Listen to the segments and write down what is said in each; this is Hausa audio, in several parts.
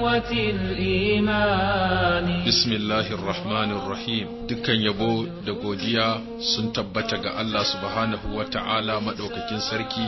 حلوة الإيمان بسم الله الرحمن الرحيم dukkan yabo da godiya sun tabbata ga Allah subhanahu wata'ala ta'ala sarki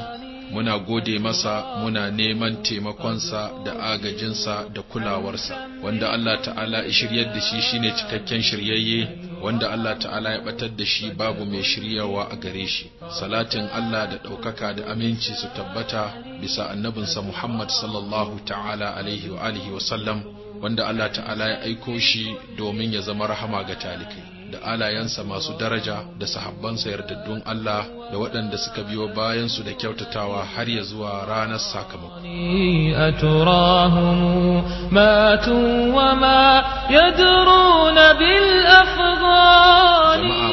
muna gode masa muna neman taimakonsa da agajinsa da kulawarsa wanda Allah ta'ala ya shiryar da shi shine cikakken shiryayye wanda Allah ta'ala ya batar da shi babu mai shiryawa a gare shi salatin Allah da ɗaukaka da aminci su tabbata bisa annabinsa Muhammad sallallahu ta'ala alaihi wa alihi wa sallam wanda Allah ta'ala ya aiko shi domin ya zama rahama ga talikai da alayensa masu daraja da sahabbansa yardaddun Allah da waɗanda suka biyo bayansu da kyautatawa har ya zuwa ranar sakamako. Jama'a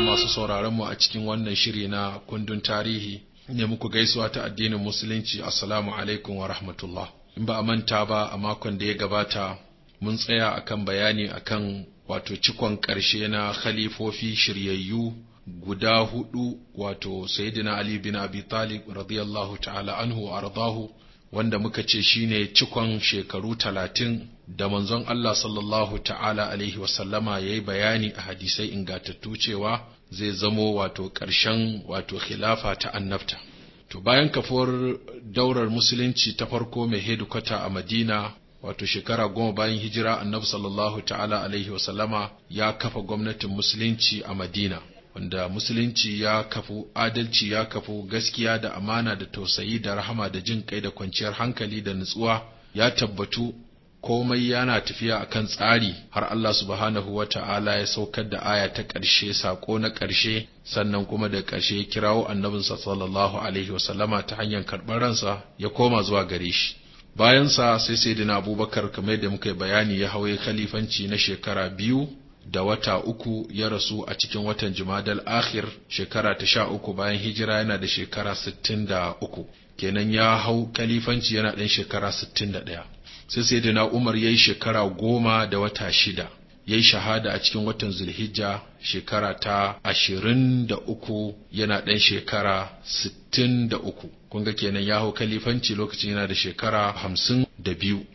masu sauraron mu a cikin wannan shiri na kundin tarihi ne muku gaisuwa ta addinin musulunci assalamu alaikum wa rahmatullah. In ba a manta ba a makon da ya gabata mun tsaya akan bayani akan wato cikon ƙarshe na khalifofi shiryayyu guda hudu wato sayyidina Ali bin Abi Talib radiyallahu ta'ala anhu wa ardahu wanda muka ce shine cikon shekaru talatin da manzon Allah sallallahu ta'ala alaihi wasallama ya yi bayani a hadisai ingatattu cewa zai zamo wato ƙarshen wato khilafa ta annabta. To bayan kafuwar daurar musulunci ta farko mai hedikwata a Madina wato shekara goma bayan hijira annabi sallallahu ta'ala alaihi wasallama ya kafa gwamnatin musulunci a madina wanda musulunci ya kafu adalci ya kafu gaskiya da amana da tausayi da rahama da jin kai da kwanciyar hankali da nutsuwa ya tabbatu komai yana tafiya akan tsari har Allah subhanahu wa ta'ala ya saukar da aya ta ƙarshe sako na ƙarshe sannan kuma da ƙarshe ya kirawo annabinsa sallallahu alaihi wasallama ta hanyar karɓar ransa ya koma zuwa gare shi Bayan sa, sai sai, sayyidina abubakar kamar da muka bayani ya hawaye khalifanci na shekara biyu da wata uku ya rasu a cikin watan jumadal akhir shekara ta sha uku bayan hijira yana da shekara sittin da uku kenan ya hau khalifanci yana ɗan shekara sittin da ɗaya sai sai, sayyidina umar ya yi shekara goma da wata shida ya yi shahada a cikin watan zulhijja shekara ta ashirin da uku yana ɗan shekara sittin da uku kunga kenan ya hau kalifanci lokacin yana da shekara hamsin da biyu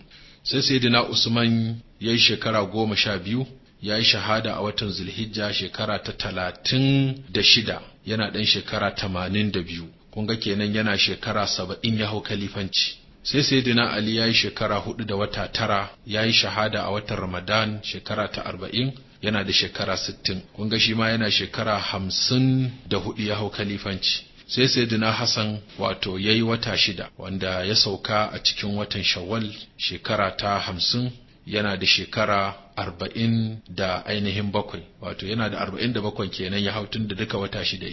sai sayyidina usman ya yi shekara goma sha biyu ya yi shahada a watan zulhijja shekara ta talatin da shida yana ɗan shekara tamanin da biyu kunga kenan yana shekara saba'in ya hau kalifanci sai na ali ya yi shekara hudu da wata tara ya yi shahada a watan ramadan shekara ta arba'in yana da shekara sittin kun ga shi ma yana shekara hamsin da hudu ya hau kalifanci sai na hassan wato ya yi wata shida wanda ya sauka a cikin watan shawwal shekara ta hamsin yana da shekara arba'in da ainihin bakwai wato yana da arba'in da bakwai kenan ya hau tun da duka wata shida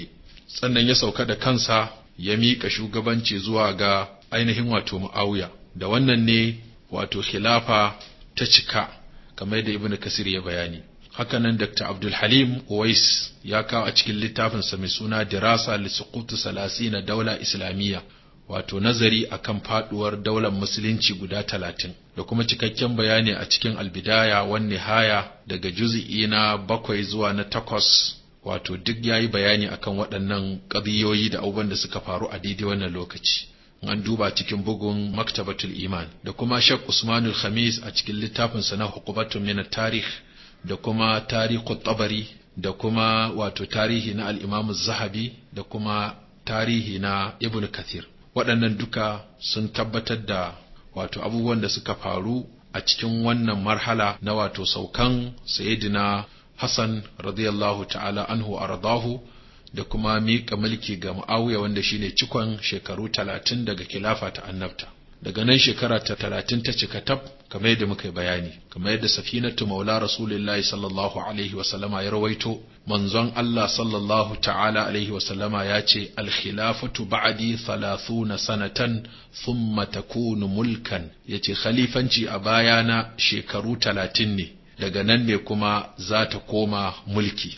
sannan ya sauka da kansa ya miƙa shugabanci zuwa ga ainihin wato Muawiya da wannan ne wato khilafa ta cika kamar yadda ibnu Kasir ya bayani hakanan Dr. Abdul Halim Uwais ya kawo a cikin littafin sa mai suna Dirasa li suqutu salasina daula islamiyya wato nazari akan faduwar daular musulunci guda talatin da kuma cikakken bayani a cikin albidaya wan nihaya daga juzi'i na bakwai zuwa na takwas wato duk yayi bayani akan waɗannan ƙabiyoyi da abubuwan da suka faru a daidai wannan lokaci an duba cikin bugun maktabatul iman da kuma shek usmanul khamis a cikin littafin na hukubatun min tarih da kuma tarihu tabari da kuma wato tarihi na al al'imamu zahabi da kuma tarihi na ibn kathir waɗannan duka sun tabbatar da wato abubuwan da suka faru a cikin wannan marhala na wato saukan sayidina hassan radiyallahu ta'ala anhu ardahu da kuma miƙa mulki ga Muawiya wanda shine cikon shekaru talatin daga kilafa ta annabta. Daga nan shekara ta talatin ta cika tab kamar yadda muka bayani, kamar yadda safinatu maula Rasulullahi sallallahu alaihi sallama ya rawaito, manzon Allah sallallahu ta'ala alaihi sallama ya ce, Alkhilafatu ba'adi 30 sanatan thumma takunu mulkan, yace khalifanci a bayana shekaru talatin ne, daga nan ne kuma za ta koma mulki.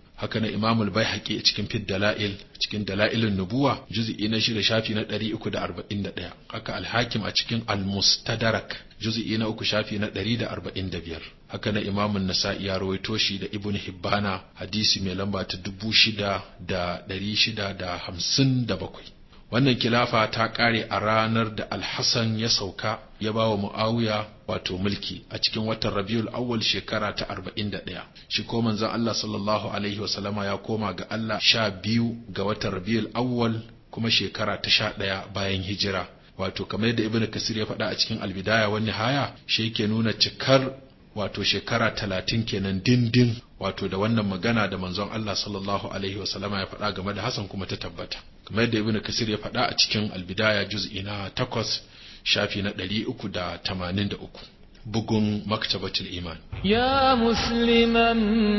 haka na Imam al-Baihaqi cikin Fid Dala'il cikin Dala'ilun Nubuwa juz'i na shida shafi na 341 haka al-Hakim a cikin Al-Mustadrak juz'i na uku shafi na 145 haka na Imam an-Nasa'i ya rawaito shi da Ibn Hibbana hadisi mai lamba ta 6657 wannan kilafa ta kare a ranar da alhassan ya sauka ya ba wa mu'awiya wato mulki a cikin watan rabiul awwal shekara ta 41 shi ko manzon Allah sallallahu alaihi wasallama ya koma ga Allah sha biyu ga watan rabiul awwal kuma shekara ta sha ɗaya bayan hijira wato kamar yadda ibnu kasir ya faɗa a cikin albidaya wani haya shi yake nuna cikar wato shekara talatin kenan dindin wato da wannan magana da manzon Allah sallallahu alaihi sallama ya faɗa game da Hassan kuma ta tabbata kamar yadda Ibn Kasir ya faɗa a cikin Al-Bidaya juz'i na 8 shafi na 383 بقوم مكتبة الإيمان يا مسلما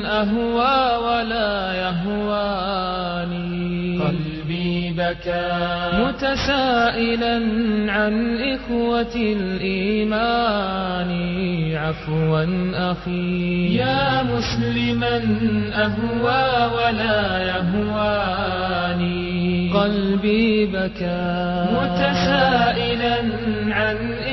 أهوى ولا يهواني قلبي بكى متسائلا عن إخوة الإيمان عفوا أخي يا مسلما أهوى ولا يهواني قلبي بكى متسائلا عن إخوة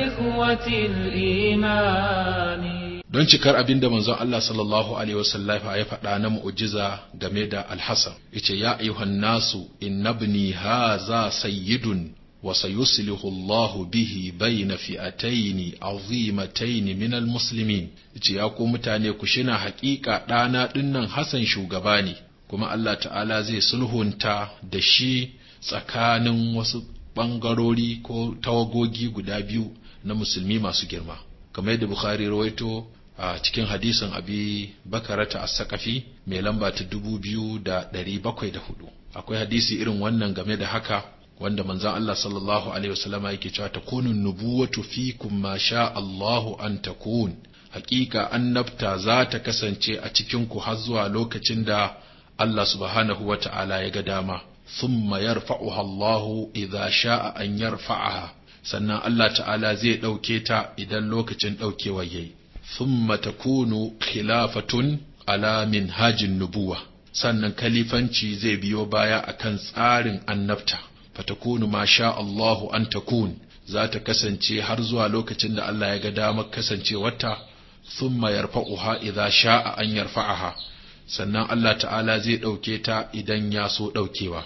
don cikar abin da manzon Allah sallallahu alaihi wasallam ya faɗa na mu'jiza game da Al-Hasan yace ya ayyuhan nasu innabni haza sayyidun wa sayuslihu Allah bihi bayna fi'atayn azimatayn min al-muslimin yace ya ku mutane ku shina haƙiƙa ɗana dinnan Hassan shugaba ne kuma Allah ta'ala zai sulhunta da shi tsakanin wasu ɓangarori ko tawagogi guda biyu na musulmi masu girma kamar yadda bukhari rawaito a cikin hadisin abi bakarata as-sakafi mai lamba ta dubu biyu da ɗari bakwai da hudu akwai hadisi irin wannan game da haka wanda manzon Allah sallallahu alaihi wasallama yake cewa kunun nubuwatu fikum ma sha Allahu an takun hakika annabta za ta kasance a cikin ku har zuwa lokacin da Allah subhanahu wa ta'ala ya ga dama thumma yarfa'uha Allah idza sha'a an yarfa'aha sannan Allah ta'ala zai ɗauke ta idan lokacin ɗaukewa yayi thumma takunu khilafatun alamin hajin nubuwa sannan kalifanci zai biyo baya akan tsarin annabta fatakunu ma sha Allahu an takun za ta kasance har zuwa lokacin da Allah ya ga damar kasancewarta thumma yarfa'uha idza sha'a an yarfa'aha sannan Allah ta'ala zai ɗauke ta idan ya so ɗaukewa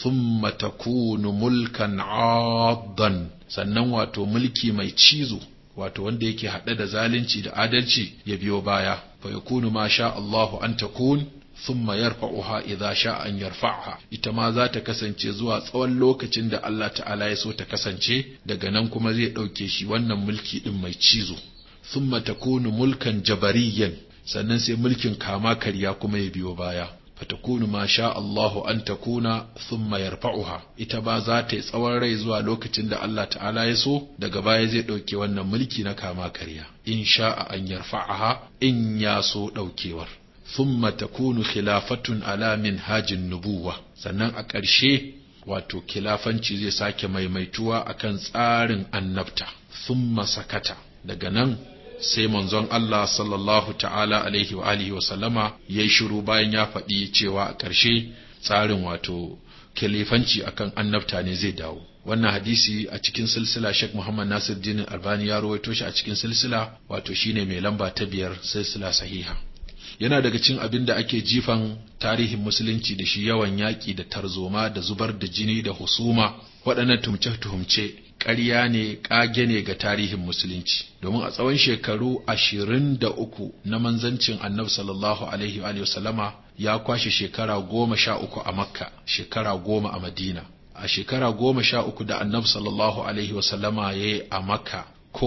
thumma takunu mulkan addan sannan wato mulki mai cizo wato wanda yake haɗe da zalunci da adalci ya biyo baya fa yakunu ma sha Allahu an takun thumma yarfa'uha idza sha an yarfa'ha ita ma za ta kasance zuwa tsawon lokacin da Allah ta'ala ya so ta kasance daga nan kuma zai ɗauke shi wannan mulki ɗin mai cizo thumma takunu mulkan jabariyan sannan sai mulkin kama karya kuma ya biyo baya fatakunu ma sha Allahu an takuna thumma yarfa'uha ita ba za ta yi tsawon rai zuwa lokacin da Allah ta'ala ya so daga baya zai ɗauke wannan mulki na kama karya in sha a an yarfa'aha in ya so ɗaukewar thumma kunu khilafatun alamin hajin nubuwa sannan a ƙarshe wato kilafanci zai sake maimaituwa akan tsarin annabta thumma sakata daga nan sai manzon Allah sallallahu ta'ala alaihi wa alihi ya yi shiru bayan ya faɗi cewa a ƙarshe tsarin wato kilifanci akan annabta ne zai dawo wannan hadisi a cikin silsila Sheikh Muhammad Nasir Dinin Albani ya rawaito shi a cikin silsila wato shine mai lamba ta biyar silsila sahiha yana daga cikin abin da ake jifan tarihin musulunci da shi yawan yaƙi da tarzoma da zubar da jini da husuma waɗannan tumce-tumce ƙarya ne ƙage ne ga tarihin musulunci domin a tsawon shekaru ashirin da uku na manzancin annabi sallallahu alaihi wa sallama ya kwashe shekara goma sha uku a makka shekara goma a madina a shekara goma sha uku da annabi sallallahu alaihi wa sallama ya yi a makka ko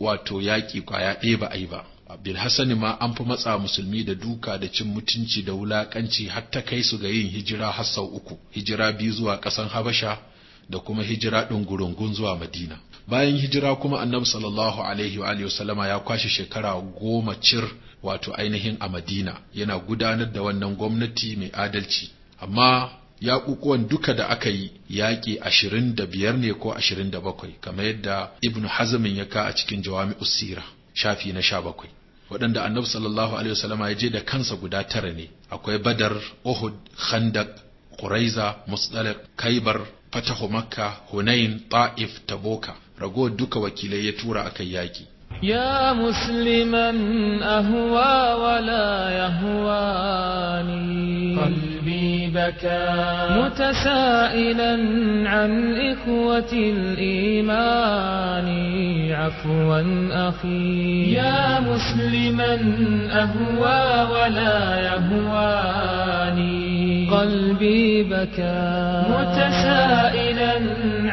wato yaƙi kwaya ɗaya ba a yi ba abdul hassani ma an fi matsa musulmi da duka da cin mutunci da wulaƙanci har ta kai su ga yin hijira har sau uku hijira biyu zuwa ƙasan habasha da kuma hijira ɗin gurungun zuwa Madina. Bayan hijira kuma annabi sallallahu alaihi wa wasallama ya kwashe shekara goma cir wato ainihin a Madina yana gudanar da wannan gwamnati mai adalci. Amma ya yaƙuƙuwan duka da aka yi yaƙi ashirin da biyar ne ko ashirin da bakwai kamar yadda ibnu Hazmin ya ka a cikin Jawami Usira shafi na sha bakwai. Waɗanda annabi sallallahu alaihi wasallama ya je da kansa guda tara ne akwai Badar, Uhud, Khandak, Quraiza, Musdalek, Kaibar, fataho مكة hunain طائف taboka rago دوكا wakilai ya tura يا مسلما أهوى ولا يهواني قلبي بكى متسائلا عن إخوة الإيمان عفوا أخي يا مسلما أهوى ولا يهواني قلبي بكى متسائلا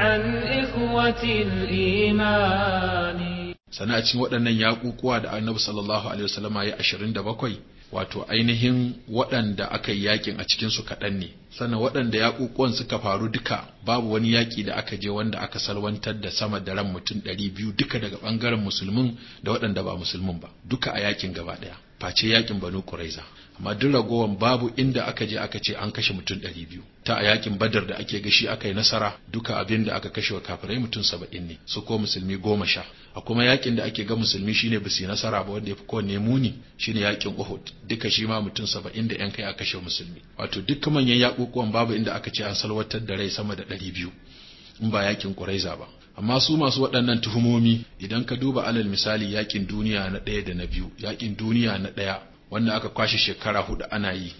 عن إخوة الإيمان sana a cikin waɗannan yaƙuƙuwa da annabi sallallahu alaihi ashirin da bakwai wato ainihin waɗanda aka yi yaƙin a cikinsu kaɗan ne sannan waɗanda yaƙuƙuwan suka faru duka babu wani yaƙi da aka je wanda aka salwantar da sama da ran mutum ɗari biyu duka daga ɓangaren musulmin da waɗanda ba musulmin ba duka a yaƙin gaba ɗaya face yaƙin banu ƙuraiza amma duk ragowan babu inda aka je aka ce an kashe mutum ɗari biyu ta a yakin badar da ake gashi aka yi nasara duka abin da aka kashe wa kafirai mutum saba'in ne su ko musulmi goma sha a kuma yakin da ake ga musulmi shine ba su yi nasara ba wanda ya fi ko ne muni shine yakin uhud duka shi ma mutum saba'in da yan kai a kashe musulmi wato duk manyan yakukuwan babu inda aka ce an salwatar da rai sama da ɗari biyu in ba yakin ƙuraiza ba amma su masu waɗannan tuhumomi idan ka duba alal misali yakin duniya na ɗaya da na biyu yakin duniya na ɗaya wanda aka kwashe shekara hudu ana yi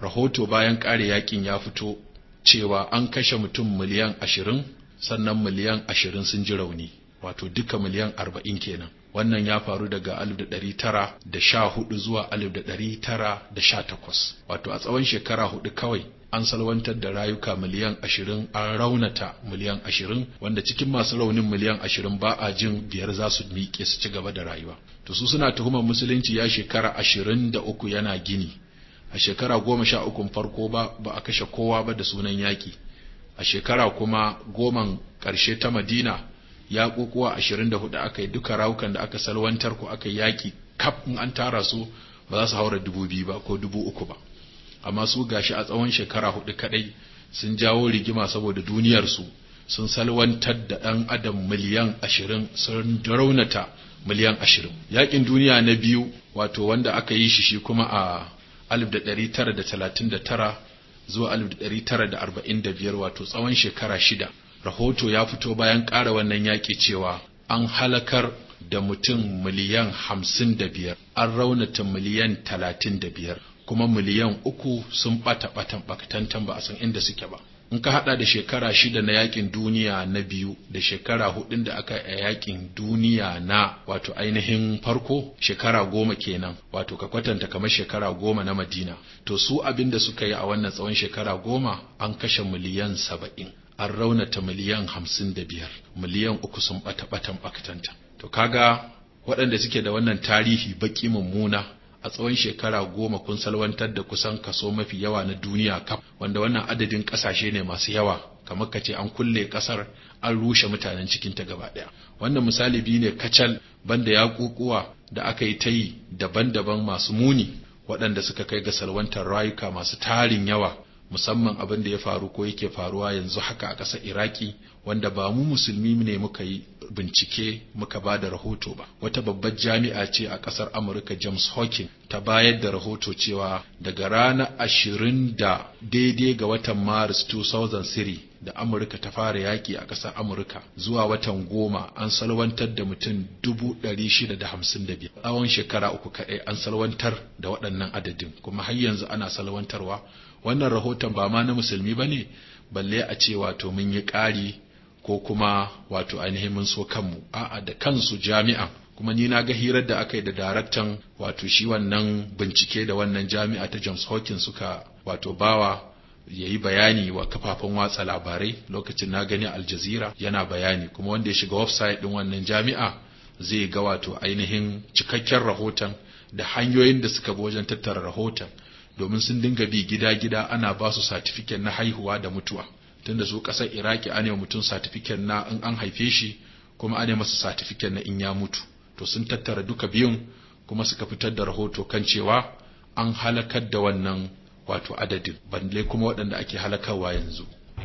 rahoto bayan kare yakin ya fito cewa an kashe mutum miliyan ashirin sannan miliyan ashirin sun ji rauni wato duka miliyan arba'in kenan wannan ya faru daga alif da ɗari tara da sha hudu zuwa alif da ɗari tara da sha takwas wato a tsawon shekara hudu kawai an salwantar da rayuka miliyan ashirin an raunata miliyan ashirin wanda cikin masu raunin miliyan ashirin ba a jin biyar za su miƙe su ci gaba da rayuwa to su suna tuhumar musulunci ya shekara ashirin da uku yana gini a shekara goma sha ukun farko ba ba a kashe kowa ba da sunan yaƙi a shekara kuma goman ƙarshe ta madina ya kokowa ashirin da hudu aka yi duka rawukan da aka salwantar ko aka yaƙi kaf in an tara su ba za su haura dubu biyu ba ko dubu uku ba amma su gashi a tsawon shekara hudu kadai sun jawo rigima saboda duniyarsu sun salwantar da ɗan adam miliyan ashirin sun raunata miliyan ashirin yaƙin duniya na biyu wato wanda aka yi shi shi kuma a 1939 zuwa 1945 wato tsawon shekara shida rahoto ya fito bayan ƙara wannan yaƙi cewa an halakar da mutum miliyan hamsin da biyar an raunata miliyan talatin da biyar kuma miliyan uku sun ɓata ɓatan ɓakatantan ba a san inda suke ba in ka hada da shekara shida na yakin duniya na biyu da shekara hudun da aka a yakin duniya na wato ainihin farko shekara goma kenan wato ka kwatanta kamar shekara goma na madina to su abin da suka yi a wannan tsawon shekara goma an kashe miliyan saba'in an raunata miliyan hamsin da biyar miliyan uku sun bata batan bakatanta to kaga waɗanda suke da wannan tarihi baki mummuna a tsawon shekara goma kun salwantar da kusan kaso mafi yawa na duniya kaf wanda wannan adadin kasashe ne masu yawa kamar ka ce an kulle kasar an rushe mutanen cikin ta gaba daya wannan misali biyu ne kacal banda ya kokowa da aka yi ta yi daban-daban masu muni waɗanda suka kai ga salwantar rayuka masu tarin yawa musamman abin da ya faru ko yake faruwa yanzu haka a ƙasar iraki wanda ba mu musulmi ne muka yi bincike muka ba da rahoto ba wata babbar jami'a ce a ƙasar amurka james hawking ta bayar da rahoto cewa daga rana ashirin da daidai ga watan maris 2003 da amurka ta fara yaƙi a ƙasar amurka zuwa watan goma an salwantar da mutum biyar. tsawon shekara uku kaɗai an salwantar da waɗannan adadin kuma har yanzu ana salwantarwa wannan rahoton ba ma na musulmi ba ne balle a ce wato mun yi ƙari ko kuma wato ainihin mun so kanmu a'a da kansu jami'a." kuma ni na ga hirar da aka yi da daraktan wato shi wannan bincike da wannan jami'a ta James Hawkins suka wato bawa ya yi bayani wa kafafen watsa labarai lokacin na gani Al Jazeera yana bayani kuma wanda ya shiga website din wannan jami'a zai ga wato ainihin cikakken rahoton da hanyoyin da suka bi wajen tattara rahoton domin sun dinga bi gida-gida ana ba su satifiken na haihuwa da mutuwa tunda su ƙasar iraki ana mutum satifiken na in an haife shi kuma ana masa satifiken na in ya mutu to sun tattara duka biyun kuma suka fitar da rahoto kan cewa an halakar da wannan wato adadin balle kuma waɗanda ake halakarwa yanzu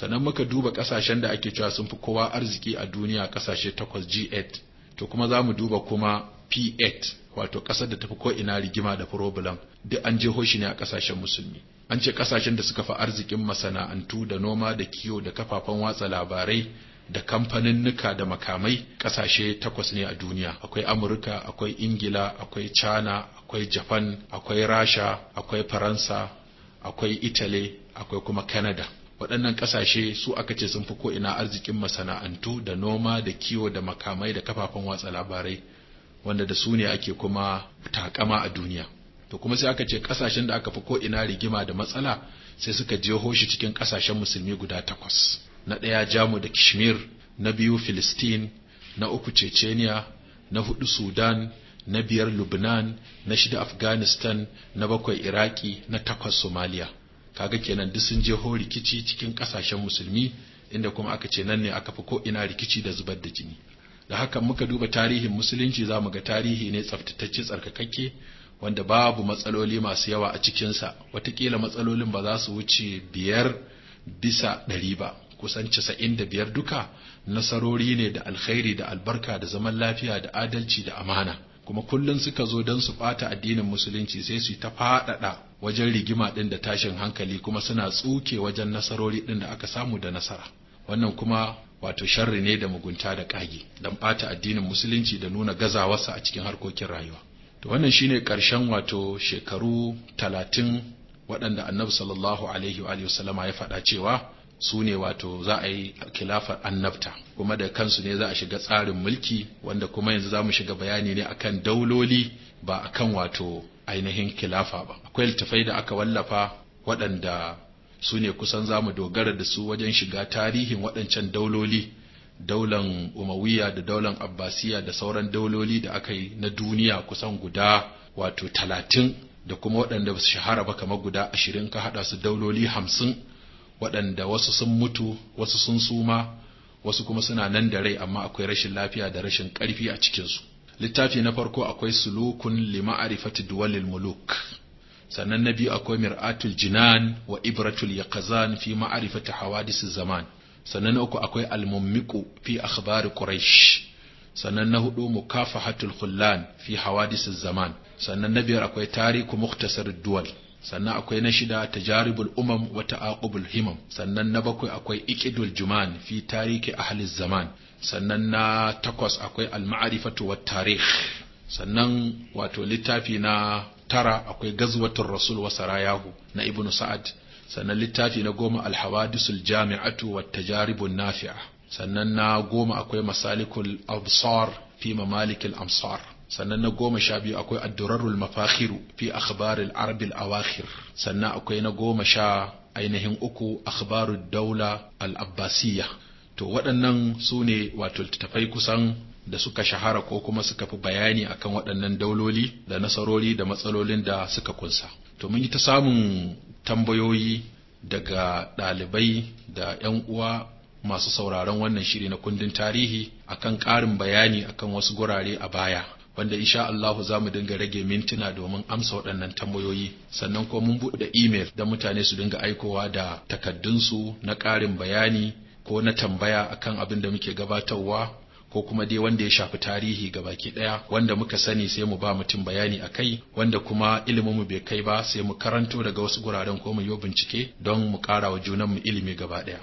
sannan muka duba kasashen da ake cewa sun fi kowa arziki a duniya kasashe takwas G8 to kuma za mu duba kuma P8 wato ƙasar da tafi ko ina rigima da problem duk an je shi ne a ƙasashen musulmi an ce ƙasashen da suka fi arzikin masana'antu da noma da kiwo da kafafen watsa labarai da kamfanin nuka da makamai ƙasashe takwas ne a duniya akwai amurka akwai ingila akwai china akwai japan akwai rasha akwai faransa akwai italy akwai kuma canada waɗannan ƙasashe su aka ce sun fi ko'ina arzikin masana'antu da noma da kiwo da makamai da kafafen watsa labarai wanda da su ne ake kuma takama a duniya to kuma sai aka ce ƙasashen da aka fi ko'ina rigima da matsala sai suka jeho shi cikin ƙasashen musulmi guda takwas na ɗaya jamu da kishmir na biyu filistin na uku cecenia na hudu sudan na biyar lubnan na shida afghanistan na bakwai iraki na takwas somaliya kaga kenan duk sun je ho rikici cikin kasashen musulmi inda kuma aka ce nan ne aka fi ko ina rikici da zubar da jini da haka muka duba tarihin musulunci za mu ga tarihi ne tsaftatacce tsarkakakke wanda babu matsaloli masu yawa a cikinsa watakila matsalolin ba za su wuce biyar bisa ɗari ba kusan casa'in da biyar duka nasarori ne da alkhairi da albarka da zaman lafiya da adalci da amana kuma kullum suka zo don su ɓata addinin musulunci sai su ta faɗaɗa wajen rigima ɗin da tashin hankali kuma suna tsuke wajen nasarori ɗin da aka samu da nasara wannan kuma wato sharri ne da mugunta da ƙage don ɓata addinin musulunci da nuna gazawarsa a cikin harkokin rayuwa to wannan shine ƙarshen wato shekaru talatin waɗanda annabi sallallahu alaihi wa sallama ya faɗa cewa su ne wato za a yi kilafar annabta kuma da kansu ne za a shiga tsarin mulki wanda kuma yanzu za mu shiga bayani ne akan dauloli ba akan wato ainihin kilafa ba akwai littafai da aka wallafa waɗanda su ne kusan za mu dogara da su wajen shiga tarihin waɗancan dauloli daulan umawiya da daulan abbasiya da sauran dauloli da aka yi na duniya kusan guda wato talatin da kuma waɗanda ba su shahara ba kamar guda ashirin ka haɗa su dauloli hamsin waɗanda wasu sun mutu wasu sun suma wasu kuma suna nan da rai amma akwai rashin lafiya da rashin ƙarfi a cikinsu littafi na farko akwai sulukun lima'arifati duwalil muluk sannan na biyu akwai mir'atul jinan wa ibratul yaqazan fi ma'arifati hawadis zaman sannan na uku akwai almummiku fi akhbari quraish sannan na hudu mukafahatul khullan fi hawadis zaman sannan na biyar akwai tariku muktasar duwal sannan akwai na shida tajaribul umam wa ta'aqubul himam sannan na bakwai akwai iqidul juman fi tariki ahli zaman sannan na takwas akwai al ma'rifatu wat tarikh sannan wato littafi na tara akwai gazwatul rasul wa sarayahu na ibnu sa'ad sannan littafi na goma al hawadisul jami'atu wat tajaribun nafi'a sannan na goma akwai masalikul absar fi mamalikil amsar sannan na goma sha biyu akwai addurarul mafakhiru fi akhbaril arabil awakhir sannan akwai na goma sha ainihin uku akhbarud daula al abbasiyya to waɗannan su ne wato littattafai kusan da suka shahara ko kuma suka fi bayani akan waɗannan dauloli da nasarori da matsalolin da suka kunsa to mun yi ta samun tambayoyi daga ɗalibai da 'yan uwa masu sauraron wannan shiri na kundin tarihi akan ƙarin bayani akan wasu gurare a baya wanda insha Allahu za mu dinga rage mintuna domin amsa waɗannan tambayoyi sannan kuma mun buɗe email da mutane su dinga aikowa da takaddunsu na ƙarin bayani ko na tambaya akan abin da muke gabatarwa ko kuma dai wanda ya shafi tarihi ga baki ɗaya wanda muka sani sai mu ba mutum bayani a kai wanda kuma ilimin mu bai kai ba sai mu karanto daga wasu guraren ko mu yi bincike don mu ƙara wa junanmu ilimi gaba ɗaya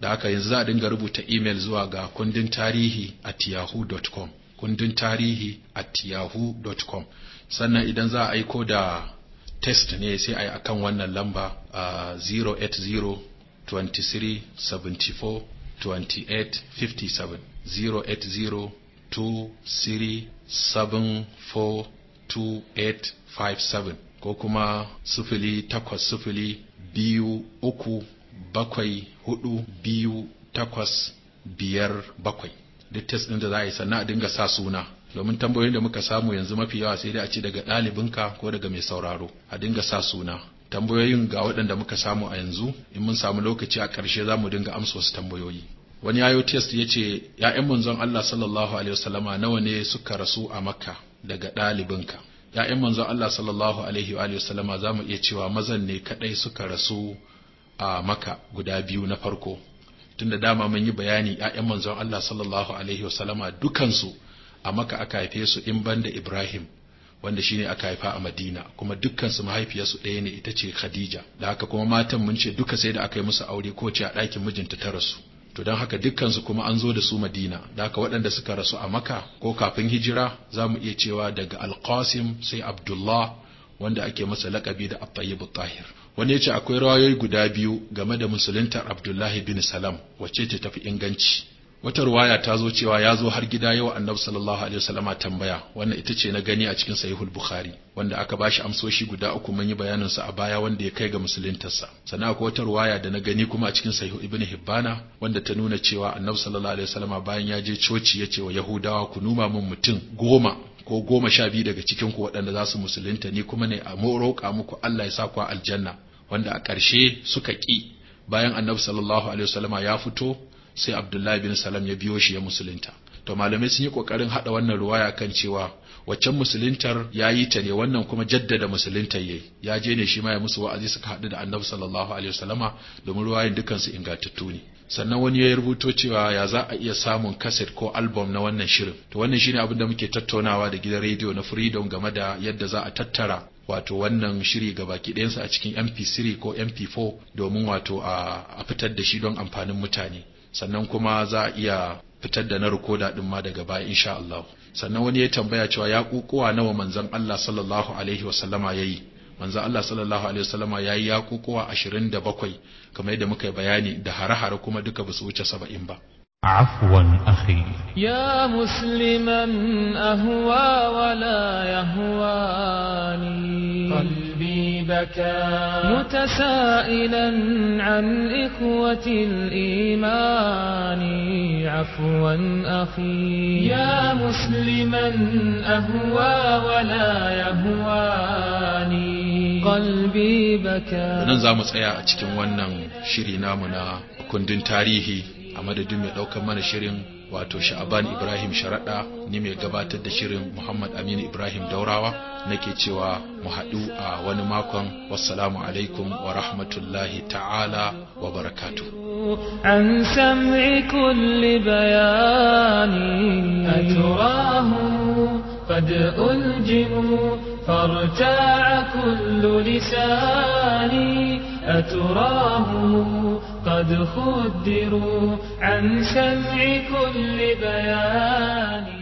da haka yanzu za a dinga rubuta imel zuwa ga kundin tarihi dot tiyahu.com kundin tarihi at yahoo.com sannan idan za a aiko da test ne sai a yi akan wannan lamba a 080 23 74 28 57 080 23 74 2857 ko kuma sufili takwas sufili biyu uku bakwai hudu biyu takwas biyar bakwai. duk test ɗin da za a yi sannan a dinga sa suna domin tambayoyin da muka samu yanzu mafi yawa sai dai a ce daga ɗalibinka ko daga mai sauraro a dinga sa suna tambayoyin ga waɗanda muka samu a yanzu in mun samu lokaci a ƙarshe za mu dinga amsa wasu tambayoyi wani yayo test ya ce ‘ya'yan manzon Allah sallallahu alaihi wasallama nawa ne suka rasu a maka daga ɗalibinka ‘ya'yan manzon Allah sallallahu alaihi wasallama za mu iya cewa mazan ne kaɗai suka rasu a maka guda biyu na farko tunda dama mun yi bayani ƴaƴan manzon Allah sallallahu alaihi wa dukan dukansu a maka aka haife su in banda Ibrahim wanda shine aka haifa a Madina kuma mahaifiyar mahaifiyarsu ɗaya ne ita ce Khadija da haka kuma matan mun ce duka sai da aka yi musu aure ko ce a ɗakin mijinta ta rasu to don haka su kuma an zo da su Madina da haka waɗanda suka rasu a maka ko kafin hijira za mu iya cewa daga Al-Qasim sai Abdullah wanda ake masa laƙabi da At-Tayyib tahir wani ya ce akwai rawayoyi guda biyu game da musuluntar abdullahi bin salam wacce ta tafi inganci wata ruwaya ta zo cewa ya zo har gida yau annabi sallallahu alaihi wasallama tambaya wannan ita ce na gani a cikin sahihul bukhari wanda aka bashi amsoshi guda uku mun yi bayanin sa a baya wanda ya kai ga musuluntarsa sannan akwai wata ruwaya da na gani kuma a cikin sahih ibnu hibbana wanda ta nuna cewa annabi sallallahu alaihi wasallama bayan ya je coci ya ce wa yahudawa ku numa min mutum goma ko goma sha biyu daga cikin ku waɗanda za su musulunta ni kuma ne a roƙa muku Allah ya sa ku aljanna wanda a ƙarshe suka ƙi bayan annabi sallallahu alaihi wasallama ya fito sai abdullahi bin salam ya biyo shi ya musulunta to malamai sun yi kokarin haɗa wannan ruwaya kan cewa waccan musuluntar ya yi ta ne wannan kuma jaddada musuluntar yayi ya je ne shi ma ya musu wa'azi suka haɗu da annabi sallallahu alaihi wasallama domin ruwayan dukansu ingantattu ne sannan wani ya rubuto cewa ya za a iya samun kaset ko album na wannan shirin to wannan shine abin da muke tattaunawa da gidan rediyo na freedom game da yadda za a tattara wato wannan shiri ga baki ɗayansa a cikin mp3 ko mp4 domin wato a fitar da shi don amfanin mutane sannan kuma za a iya fitar da na rikoda ɗin ma daga baya insha Allah sannan wani ya tambaya cewa ya kukuwa nawa manzon Allah sallallahu alaihi wasallama yayi manzo Allah sallallahu alaihi wasallama yayi yakukuwa 27 kamar yadda muka yi bayani da harahara kuma duka basu wuce 70 ba عفوا أخي يا مسلما أهوى ولا يهواني قلبي بكى متسائلا عن إخوة الإيمان عفوا أخي يا مسلما أهوى ولا يهواني nan za mu tsaya a cikin wannan shiri namu na kundin tarihi a madadin mai ɗaukar mana shirin wato sha'aban ibrahim sharaɗa ni mai gabatar da shirin muhammad aminu ibrahim daurawa nake cewa mu haɗu a wani makon wassalamu alaikum wa rahmatullahi ta'ala wa barakatu عن سمع كل فارتاع كل لساني أتراهم قد خدروا عن سمع كل بياني